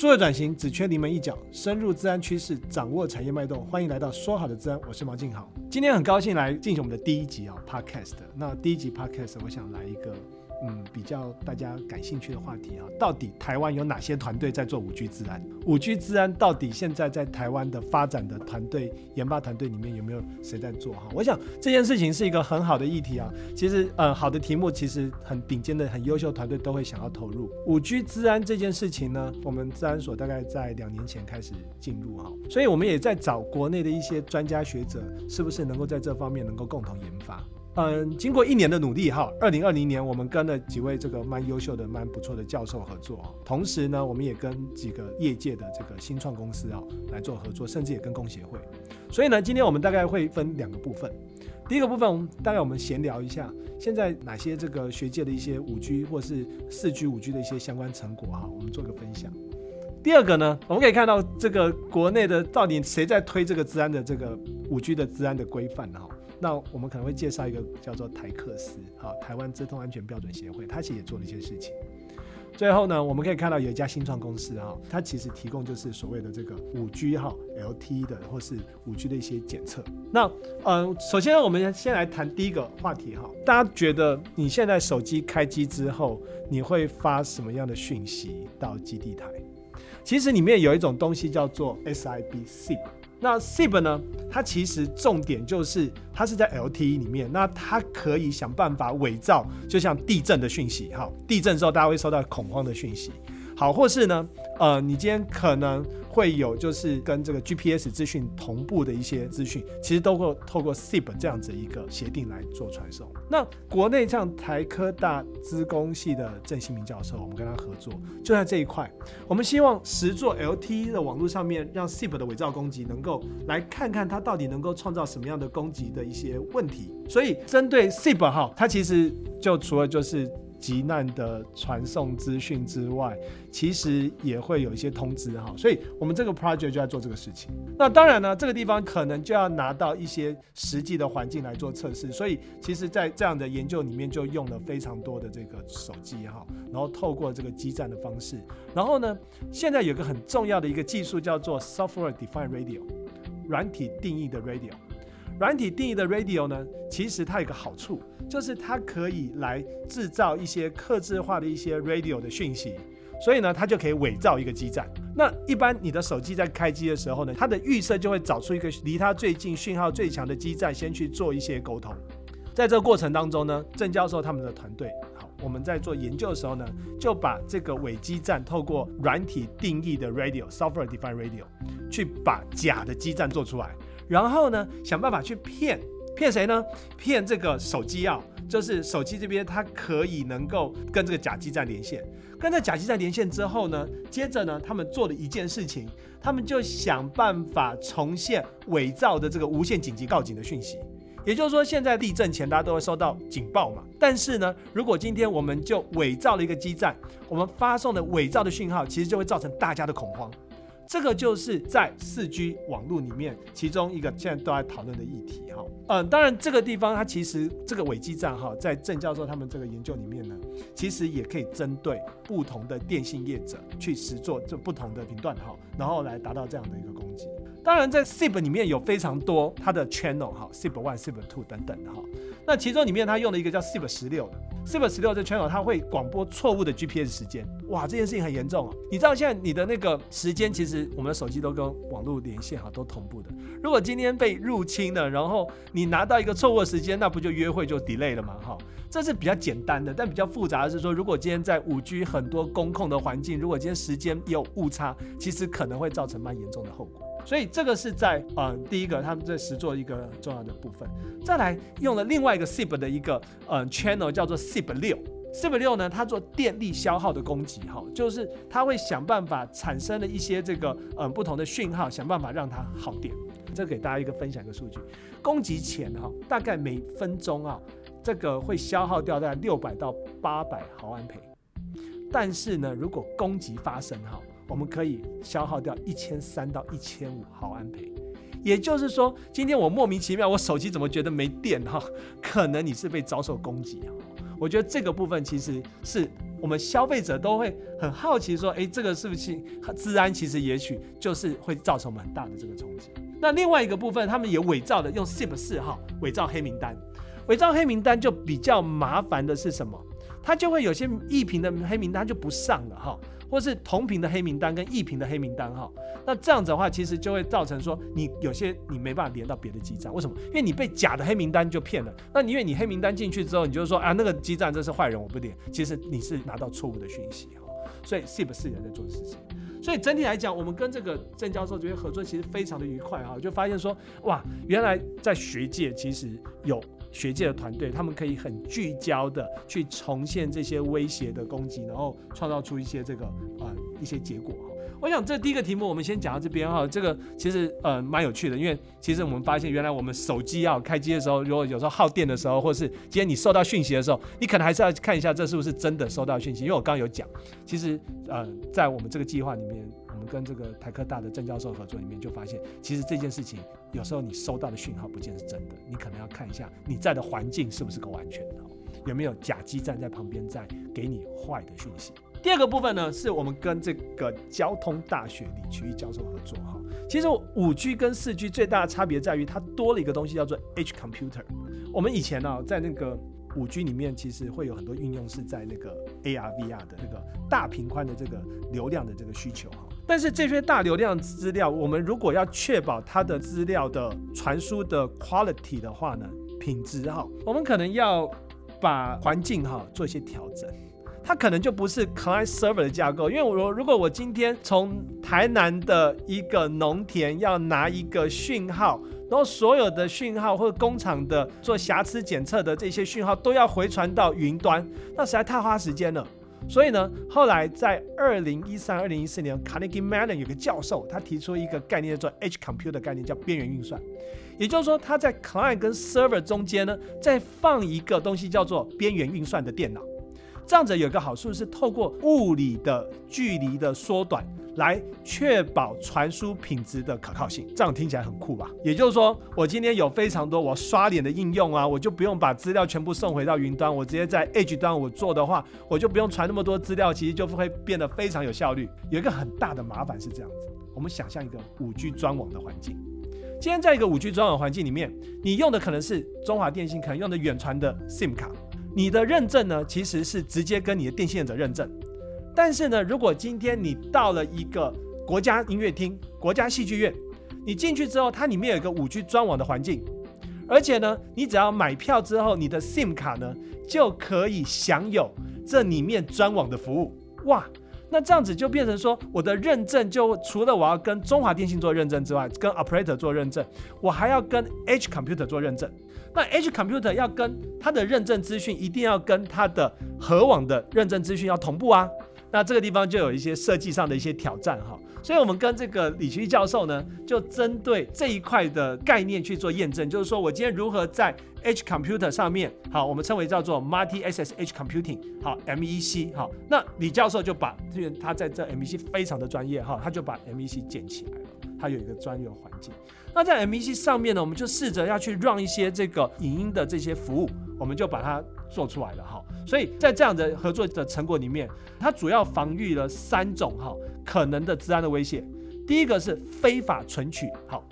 數位轉型只缺臨門一腳，深入資安趨勢，掌握產業脈動。歡迎來到說好的資安，我是毛靜好。今天很高興來進行我們的第一集啊、哦、，Podcast。那第一集 Podcast，我想來一個，嗯，比較大家感興趣的話題啊，到底台灣有哪些團隊在做 5G 資安？5G 資安到底現在在台灣的發展的團隊研發團隊裡面有沒有誰在做？哈，我想這件事情是一個很好的議題啊。其實，嗯、呃，好的題目其實很頂尖的、很優秀團隊都會想要投入 5G 資安這件事情呢。我們資安所大概在兩年前開始進入哈，所以我們也在找國內的一些專家學者，是不是能夠在這方面能夠共同研發？嗯，經過一年的努力哈，二零二零年我們跟了幾位這個蠻優秀的、蠻不錯的教授合作啊，同時呢，我們也跟幾個業界的這個新創公司啊來做合作，甚至也跟工協會。所以呢，今天我們大概會分兩個部分，第一個部分大概我們閒聊一下現在哪些這個學界的一些五 G 或是四 G、五 G 的一些相關成果哈，我們做個分享。第二個呢，我們可以看到這個國內的到底誰在推這個資安的這個五 G 的資安的規範哈。那我們可能會介紹一個叫做台克斯，哈，台灣資通安全標準協會，它其實也做了一些事情。最後呢，我們可以看到有一家新創公司，哈，它其實提供就是所謂的這個五 G，哈，LTE 的或是五 G 的一些檢測。那，嗯、呃，首先我們先來談第一個話題，哈，大家覺得你現在手機開機之後，你會發什麼樣的訊息到基地台？其實裡面有一種東西叫做 SIBC。S 那 SIB 呢？它其實重點就是它是在 LTE 裡面，那它可以想辦法偽造，就像地震的訊息。哈，地震之後大家會收到恐慌的訊息。好，或是呢，呃，你今天可能會有就是跟這個 GPS 資訊同步的一些資訊，其實都會透過 SIB 這樣子一個協定來做傳送。那國內像台科大資工系的鄭新明教授，我們跟他合作就在這一塊，我們希望實作 LTE 的網絡上面，讓 SIB 的偽造攻擊能夠來看看它到底能夠創造什麼樣的攻擊的一些問題。所以針對 SIB 哈，它其實就除了就是。急難的傳送資訊之外，其實也會有一些通知哈，所以我們這個 project 就在做這個事情。那當然呢，這個地方可能就要拿到一些實際的環境來做測試，所以其實，在這樣的研究裡面，就用了非常多的這個手機哈，然後透過這個基站的方式。然後呢，現在有一個很重要的一個技術叫做 software defined radio，軟體定義的 radio。軟體定義的 radio 呢，其實它有個好處，就是它可以來製造一些客製化的一些 radio 的訊息，所以呢，它就可以偽造一個基站。那一般你的手機在開機的時候呢，它的預設就會找出一個離它最近訊號最強的基站，先去做一些溝通。在這個過程當中呢，鄭教授他們的團隊，好，我們在做研究的時候呢，就把這個偽基站透過軟體定義的 radio（software-defined radio） 去把假的基站做出來。然後呢，想辦法去騙騙誰呢？騙這個手機啊。就是手機這邊它可以能夠跟這個假基站連線，跟這假基站連線之後呢，接着呢，他們做了一件事情，他們就想辦法重現偽造的這個無線緊急告警的訊息。也就是說，現在地震前大家都會收到警報嘛，但是呢，如果今天我們就偽造了一個基站，我們發送的偽造的訊號，其實就會造成大家的恐慌。這個就是在四 G 網絡裡面，其中一個現在都在討論的議題哈。嗯，當然這個地方它其實這個偽基站哈，在鄭教授他們這個研究裡面呢，其實也可以針對不同的電信業者去實作這不同的頻段，然後來達到這樣的一個攻擊。當然，在 SIB 裡面有非常多它的 channel 哈，SIB one、SIB two 等等的哈。那其中裡面它用了一個叫 SIB 十六的，SIB 十六這 channel 它會廣播錯誤的 GPS 時間。哇，這件事情很嚴重哦、啊。你知道現在你的那個時間，其實我們的手機都跟網絡連線哈，都同步的。如果今天被入侵了，然後你拿到一個錯誤的時間，那不就約會就 delay 了嗎？哈，這是比較簡單的。但比較複雜的是說，如果今天在 5G 很多工控的環境，如果今天時間有誤差，其實可能會造成蠻嚴重的後果。所以這個是在嗯、呃、第一個，他們在實做一個重要的部分。再來用了另外一個 SIB 的一個嗯 channel、呃、叫做 SIB 六，SIB 六呢，它做電力消耗的攻擊哈、哦，就是它會想辦法產生了一些這個嗯、呃、不同的訊號，想辦法讓它耗電。這給大家一個分享一個數據，攻擊前哈、哦，大概每分鐘啊、哦，這個會消耗掉在六百到八百毫安培。但是呢，如果攻擊發生哈。我們可以消耗掉一千三到一千五毫安培，也就是說，今天我莫名其妙，我手機怎麼覺得沒電哈、哦，可能你是被遭受攻擊、哦、我覺得這個部分其實是我們消費者都會很好奇，說，誒、欸，這個是不是資安？其實也許就是會造成我們很大的這個衝擊。那另外一個部分，他們也偽造的用 SIB 四號、哦、偽造黑名單，偽造黑名單就比較麻煩的是什麼？它就會有些異頻的黑名單就不上了哈。哦或是同頻的黑名單跟異頻的黑名單哈，那這樣子的話，其實就會造成說你有些你沒辦法連到別的基站，為什麼？因為你被假的黑名單就騙了。那你因為你黑名單進去之後，你就說啊，那個基站真是壞人，我不連，其實你是拿到錯誤的訊息哈。所以 SIB 是人在做的事情，所以整體來講，我們跟這個鄭教授這邊合作其實非常的愉快哈，就發現說哇，原來在學界其實有。學界的團隊，他們可以很聚焦的去重現這些威脅的攻擊，然後創造出一些這個啊、呃、一些結果哈。我想這第一個題目我們先講到這邊哈。這個其實呃蠻有趣的，因為其實我們發現原來我們手機要、啊、開機的時候，如果有時候耗電的時候，或是今天你收到訊息的時候，你可能還是要看一下這是不是真的收到訊息。因為我剛剛有講，其實呃在我們這個計劃裡面。我們跟這個台科大的鄭教授合作，裡面就發現，其實這件事情有時候你收到的訊號不見得是真的，你可能要看一下你在的環境是不是夠安全的，有沒有假基站在旁邊在給你壞的訊息。第二個部分呢，是我們跟這個交通大學李渠義教授合作哈。其實五 G 跟四 G 最大的差別在於，它多了一個東西叫做 Edge Computer。Com 我們以前呢，在那個五 G 裡面，其實會有很多運用是在那個 AR VR 的那個大頻寬的這個流量的這個需求但是這些大流量資料，我們如果要確保它的資料的傳輸的 quality 的話呢，品質好，我們可能要把環境哈做一些調整，它可能就不是 client-server 的架構。因為我如果我今天從台南的一個農田要拿一個訊號，然後所有的訊號或者工廠的做瑕疵檢測的這些訊號都要回傳到雲端，那實在太花時間了。所以呢，後來在二零一三、二零一四年，Carnegie Mellon 有個教授，他提出一個概念，叫做 Edge Compute 的概念，叫邊緣運算。也就是說，他在 Client 跟 Server 中間呢，再放一個東西，叫做邊緣運算的電腦。這樣子有個好處是，透過物理的距離的縮短。來確保傳輸品質的可靠性，這樣聽起來很酷吧？也就是說，我今天有非常多我刷臉的應用啊，我就不用把資料全部送回到雲端，我直接在 Edge 端我做的話，我就不用傳那麼多資料，其實就會變得非常有效率。有一個很大的麻煩是這樣子：我們想象一個五 G 專網的環境，今天在一個五 G 專網環境裡面，你用的可能是中華電信，可能用的遠傳的 SIM 卡，你的認證呢，其實是直接跟你的電信業者認證。但是呢，如果今天你到了一個國家音樂廳、國家戲劇院，你進去之後，它裡面有一個五 G 專網的環境，而且呢，你只要買票之後，你的 SIM 卡，呢就可以享有這裡面專網的服務。哇，那這樣子就變成說，我的認證就除了我要跟中華電信做認證之外，跟 operator 做認證，我還要跟 Edge Computer 做認證。那 Edge Computer 要跟它的認證資訊，一定要跟它的核網的認證資訊要同步啊。那這個地方就有一些設計上的一些挑戰哈，所以我們跟這個李奇教授呢，就針對這一塊的概念去做驗證，就是說我今天如何在 Edge Computer 上面，好，我們稱為叫做 Multi Access Edge Computing，好 MEC 哈，那李教授就把，因為他在這 MEC 非常的專業哈，他就把 MEC 建起來了，他有一個專用環境。那在 MEC 上面呢，我們就試着要去讓一些這個影音的這些服務，我們就把它做出來了哈，所以在這樣的合作的成果裡面，它主要防禦了三種哈、哦、可能的資安的威脅。第一個是非法存取，好。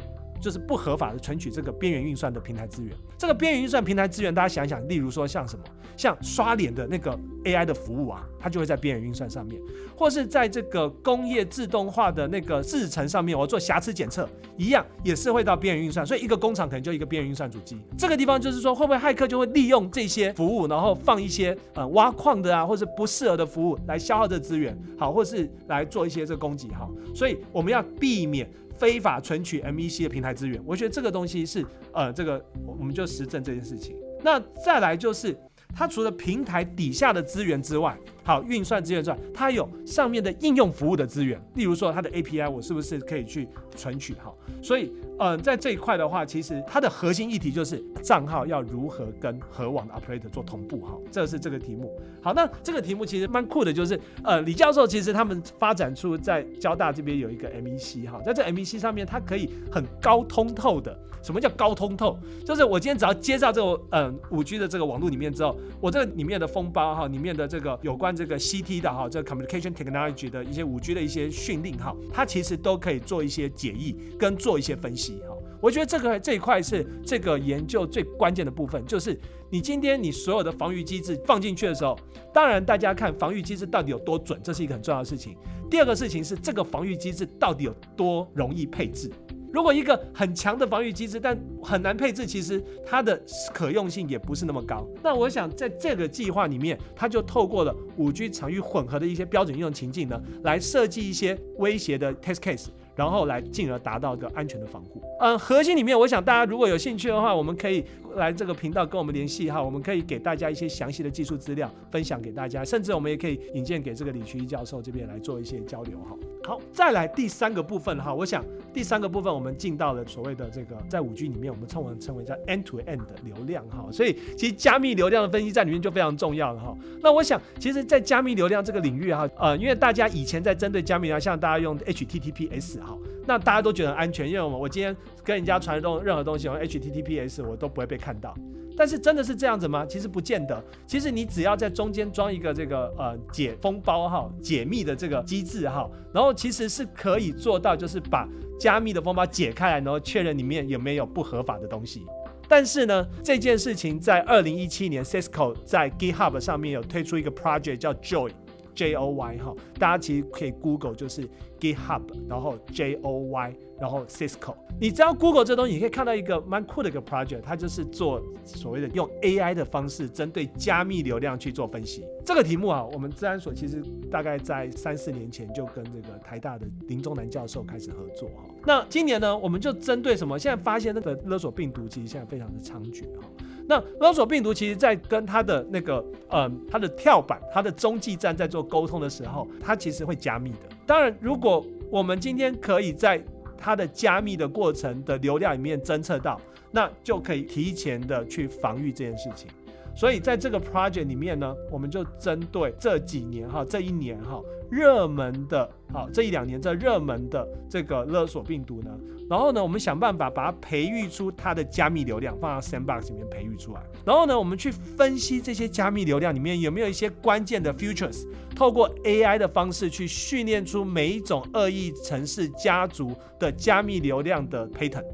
就是不合法的，存取這個邊緣運算的平台資源。這個邊緣運算平台資源，大家想一想，例如說像什麼，像刷臉的那個 AI 的服務啊，它就會在邊緣運算上面，或是在這個工業自動化的那個製程上面，我做瑕疵檢測，一樣也是會到邊緣運算。所以一個工廠可能就一個邊緣運算主機。這個地方就是說，會不會駭客就會利用這些服務，然後放一些呃挖礦的啊，或者不適合的服務來消耗這資源，好，或是來做一些這攻擊，好，所以我們要避免。非法存取 MEC 的平台資源，我覺得這個東西是呃，這個我們就實證這件事情。那再來就是。它除了平台底下的資源之外，好運算資源之外，它有上面的應用服務的資源。例如說，它的 API 我是不是可以去存取哈？所以，嗯，在這一塊的話，其實它的核心議題就是賬號要如何跟核網的 operator 做同步哈。這是這個題目。好，那這個題目其實蠻酷的，就是呃，李教授其實他們發展出在交大這邊有一個 MEC 哈，在這 MEC 上面它可以很高通透的。什麼叫高通透？就是我今天只要接到這個嗯呃、五 G 的這個網絡裡面之後，我這個裡面的封包哈，裡面的這個有關這個 CT 的哈，這個 Communication Technology 的一些五 G 的一些訊令哈，它其實都可以做一些解譯跟做一些分析哈。我覺得這個這一塊是這個研究最關鍵的部分，就是你今天你所有的防禦機制放進去的時候，當然大家看防禦機制到底有多準，這是一個很重要的事情。第二個事情是這個防禦機制到底有多容易配置。如果一個很強的防禦機制，但很難配置，其實它的可用性也不是那麼高。那我想在這個計劃裡面，它就透過了 5G 場域混合的一些標準應用情境呢，來設計一些威脅的 test case，然後來進而達到一個安全的防護。嗯、呃，核心裡面，我想大家如果有興趣的話，我們可以。來這個頻道跟我們聯繫哈，我們可以給大家一些詳細的技術資料分享給大家，甚至我們也可以引薦給這個李群教授這邊來做一些交流哈。好，再來第三個部分哈，我想第三個部分我們進到了所謂的這個在 5G 裡面我們稱為稱為叫 end to end 的流量哈，所以其實加密流量的分析在裡面就非常重要哈。那我想其實，在加密流量這個領域哈，呃，因為大家以前在針對加密啊，像大家用 HTTPS 哈。那大家都覺得很安全，因為我我今天跟人家傳送任何東西用 HTTPS 我都不會被看到。但是真的是這樣子嗎？其實不見得。其實你只要在中間裝一個這個呃解封包哈解密的這個機制哈，然後其實是可以做到就是把加密的封包解開來，然後確認裡面有沒有不合法的東西。但是呢，這件事情在二零一七年 Cisco 在 GitHub 上面有推出一個 project 叫 Joy。J O Y 哈，大家其實可以 Google 就是 GitHub，然後 J O Y，然後 Cisco。你知道 Google 這東西，你可以看到一個蠻酷的一個 project，它就是做所謂的用 AI 的方式針對加密流量去做分析。這個題目啊，我們資安所其實大概在三四年前就跟這個台大的林宗男教授開始合作哈。那今年呢，我們就針對什麼？現在發現那個勒索病毒其實現在非常的猖獗哈。那勒索病毒其實，在跟它的那個呃，它的跳板、它的中繼站在做溝通的時候，它其實會加密的。當然，如果我們今天可以在它的加密的過程的流量裡面偵測到，那就可以提前的去防禦這件事情。所以在這個 project 裡面呢，我們就針對這幾年哈，這一年哈，熱門的，好，這一兩年這熱門的這個勒索病毒呢，然後呢，我們想辦法把它培育出它的加密流量，放到 sandbox 裡面培育出來，然後呢，我們去分析這些加密流量裡面有沒有一些關鍵的 features，透過 AI 的方式去訓練出每一種惡意程式家族的加密流量的 pattern，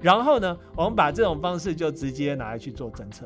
然後呢，我們把這種方式就直接拿來去做偵測。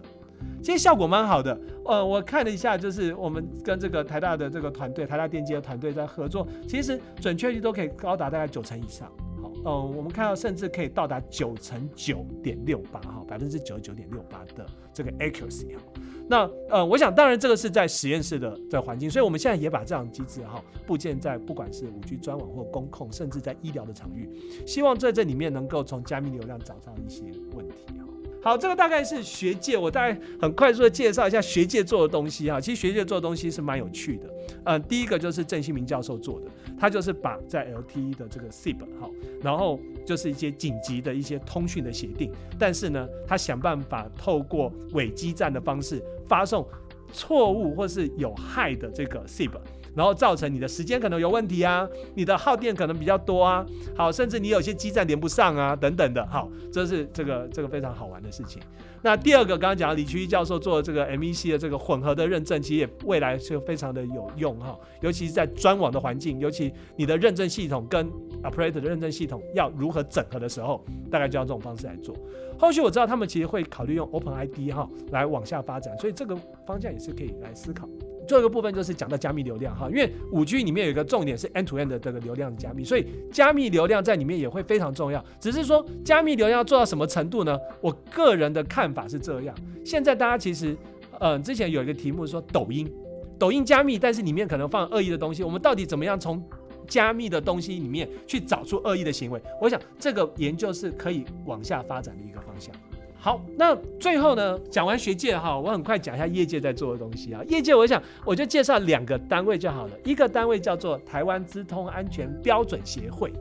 其實效果蠻好的，呃，我看了一下，就是我們跟這個台大的這個團隊，台大電機的團隊在合作，其實準確率都可以高達大概九成以上。好、哦，嗯、呃，我們看到甚至可以到達九成九點六八，哈，百分之九十九點六八的這個 accuracy 哈、哦。那呃，我想當然這個是在實驗室的的環境，所以我們現在也把這樣機制哈、哦，部件在不管是五 G 專網或公控，甚至在醫療的場域，希望在這裡面能夠從加密流量找到一些問題。好，這個大概是學界，我大概很快速的介紹一下學界做的東西哈。其實學界做的東西是蠻有趣的，嗯、呃，第一個就是鄭新民教授做的，他就是把在 LTE 的這個 SIB 哈，然後就是一些緊急的一些通訊的協定，但是呢，他想辦法透過偽基站的方式發送錯誤或是有害的這個 SIB。然後造成你的時間可能有問題啊，你的耗電可能比較多啊，好，甚至你有些基站連不上啊，等等的，好，這是這個這個非常好玩的事情。那第二個，剛剛講李奇一教授做的這個 MEC 的這個混合的認證，其實也未來是非常的有用哈，尤其是在專網的環境，尤其你的認證系統跟 operator 的認證系統要如何整合的時候，大概就要這種方式來做。後續我知道他們其實會考慮用 OpenID 哈來往下發展，所以這個方向也是可以來思考。最後一個部分就是講到加密流量哈，因為 5G 裡面有一個重點是 N 2 N 的這個流量的加密，所以加密流量在裡面也會非常重要。只是說加密流量要做到什麼程度呢？我個人的看法是這樣：現在大家其實，嗯、呃，之前有一個題目說抖音，抖音加密，但是裡面可能放惡意、e、的東西，我們到底怎麼樣從加密的東西裡面去找出惡意、e、的行為？我想這個研究是可以往下發展的一個方向。好，那最後呢，講完學界哈，我很快講一下業界在做的東西啊。業界我想我就介紹兩個單位就好了，一個單位叫做台灣資通安全標準協會。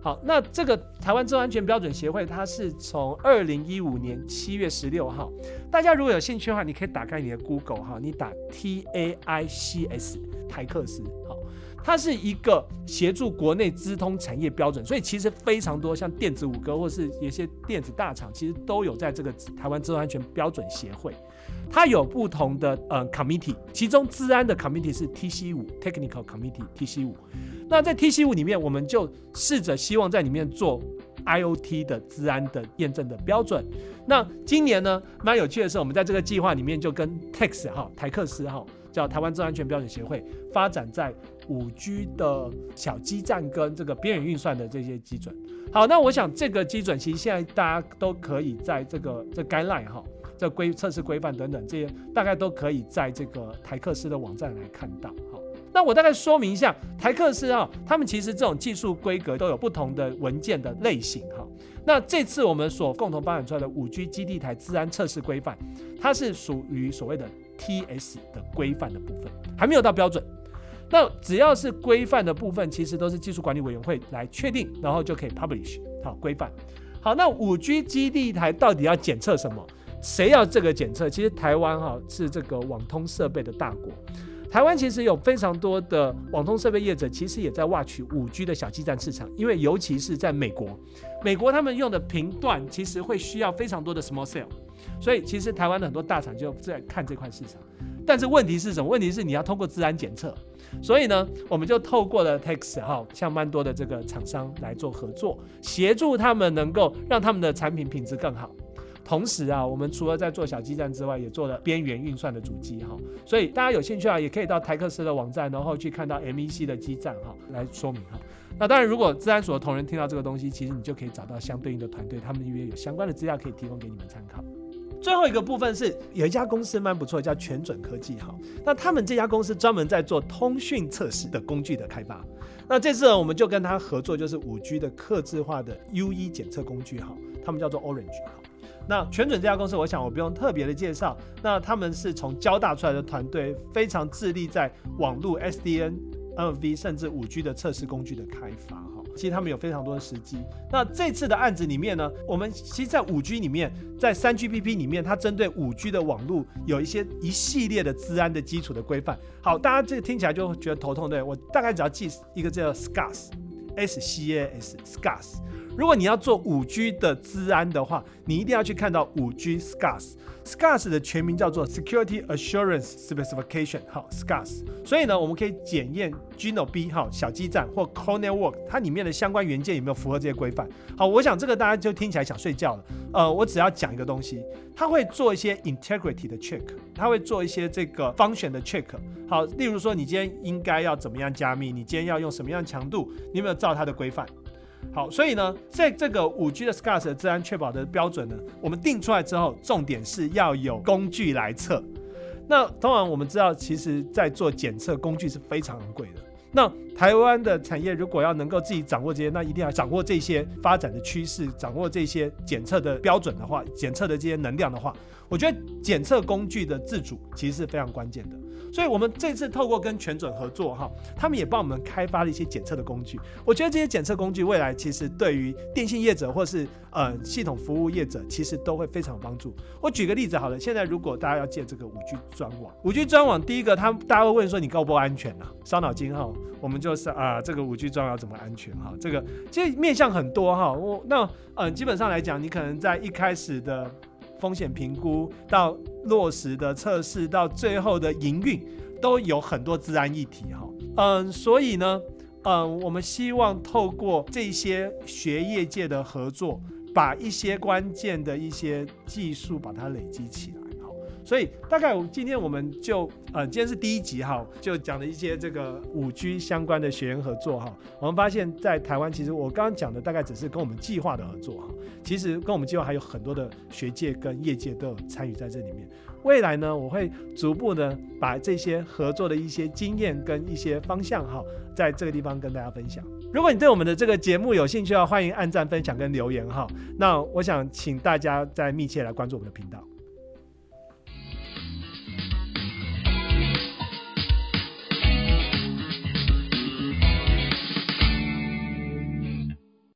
好，那這個台灣資通安全標準協會，它是從二零一五年七月十六號，大家如果有興趣的話，你可以打開你的 Google 哈，你打 T A I C S 台克斯，它是一個協助國內資通產業標準，所以其實非常多像電子五哥或是一些電子大廠，其實都有在這個台灣資通安全標準協會。它有不同的呃 committee，其中資安的 committee 是 TC 五 Technical Committee TC 五。嗯、那在 TC 五裡面，我們就試着希望在裡面做 IoT 的資安的驗證的標準。那今年呢，蠻有趣的是，我們在這個計劃裡面就跟 TAICS 哈台克斯哈叫台灣資通安全標準協會發展在。五 G 的小基站跟這個邊緣運算的這些基準，好，那我想這個基準其實現在大家都可以在這個這 guideline 哈，這規測試規範等等這些，大概都可以在這個台克斯的網站來看到。好，那我大概說明一下，台克斯哈，他們其實這種技術規格都有不同的文件的類型哈。那這次我們所共同發展出來的五 G 基地台資安測試規範，它是屬於所謂的 TS 的規範的部分，還沒有到標準。那只要是規範的部分，其實都是技術管理委員會來確定，然後就可以 publish 好規範。好，那五 G 基地台到底要檢測什麼？誰要這個檢測？其實台灣哈是這個網通設備的大國，台灣其實有非常多的網通設備業者，其實也在挖取五 G 的小基站市場，因為尤其是在美國，美國他們用的頻段其實會需要非常多的 small cell。所以其實台灣的很多大廠就在看這塊市場，但是問題是什麼？問題是你要通過資安檢測，所以呢，我們就透過了 TAICS 哈，像蠻多的這個廠商來做合作，協助他們能夠讓他們的產品品質更好。同時啊，我們除了在做小基站之外，也做了邊緣運算的主機哈。所以大家有興趣啊，也可以到 TAICS 的網站，然後去看到 MEC 的基站哈，來說明哈。那當然，如果資安所的同仁聽到這個東西，其實你就可以找到相對應的團隊，他們也有相關的資料可以提供給你們參考。最後一個部分是有一家公司蠻不錯，叫全準科技哈。那他們這家公司專門在做通訊測試的工具的開發。那這次我們就跟他合作，就是五 G 的客製化的 UE 檢測工具哈，他們叫做 Orange。那全準這家公司，我想我不用特別的介紹。那他們是從交大出來的團隊，非常致力在網絡 SDN、NFV 甚至五 G 的測試工具的開發。其實他們有非常多的時機。那這次的案子裡面呢，我們其實，在五 G 裡面，在三 GPP 裡面，它針對五 G 的網絡有一些一系列的資安的基礎的規範。好，大家這個聽起來就覺得頭痛。對，我大概只要記一個叫 SCAS，S C A S，SCAS。如果你要做五 G 的治安的話，你一定要去看到五 G SCARS，SCARS SC 的全名叫做 Security Assurance Specification，好，SCARS。所以呢，我們可以檢驗 GNOB 好小基站或 Core Network 它裡面的相關元件有沒有符合這些規範。好，我想這個大家就聽起來想睡覺了。呃，我只要講一個東西，它會做一些 Integrity 的 Check，它會做一些這個方選的 Check。好，例如說你今天應該要怎麼樣加密，你今天要用什麼樣強度，你有沒有照它的規範？好，所以呢，在這個五 G 的 SCARS 的資安確保的標準呢，我們定出來之後，重點是要有工具來測。那通常我們知道，其實在做檢測工具是非常昂貴的。那台灣的產業如果要能夠自己掌握這些，那一定要掌握這些發展的趨勢，掌握這些檢測的標準的話，檢測的這些能量的話，我覺得檢測工具的自主其實是非常關鍵的。所以，我們這次透過跟全準合作，哈，他們也幫我們開發了一些檢測的工具。我覺得這些檢測工具未來其實對於電信業者或是呃系統服務業者，其實都會非常有幫助。我舉個例子好了，現在如果大家要建這個五 G 專網，五 G 專網第一個，他們大家會問說你夠不夠安全呢、啊？傷腦筋哈、喔，我們就是啊、呃，這個五 G 專網怎麼安全哈、啊？這個其實面向很多哈、喔，我那嗯、呃，基本上來講，你可能在一開始的。風險評估到落實的測試，到最後的營運，都有很多資安議題哈。嗯，所以呢，嗯，我們希望透過這些學業界的合作，把一些關鍵的一些技術把它累積起來。所以大概我今天我們就呃，今天是第一集哈，就講了一些這個 5G 相關的學員合作哈。我們發現，在台灣其實我剛剛講的大概只是跟我們計劃的合作哈，其實跟我們計劃還有很多的學界跟業界都有參與在這裡面。未來呢，我會逐步的把這些合作的一些經驗跟一些方向哈，在這個地方跟大家分享。如果你對我們的這個節目有興趣的話，歡迎按讚、分享跟留言哈。那我想請大家再密切來關注我們的頻道。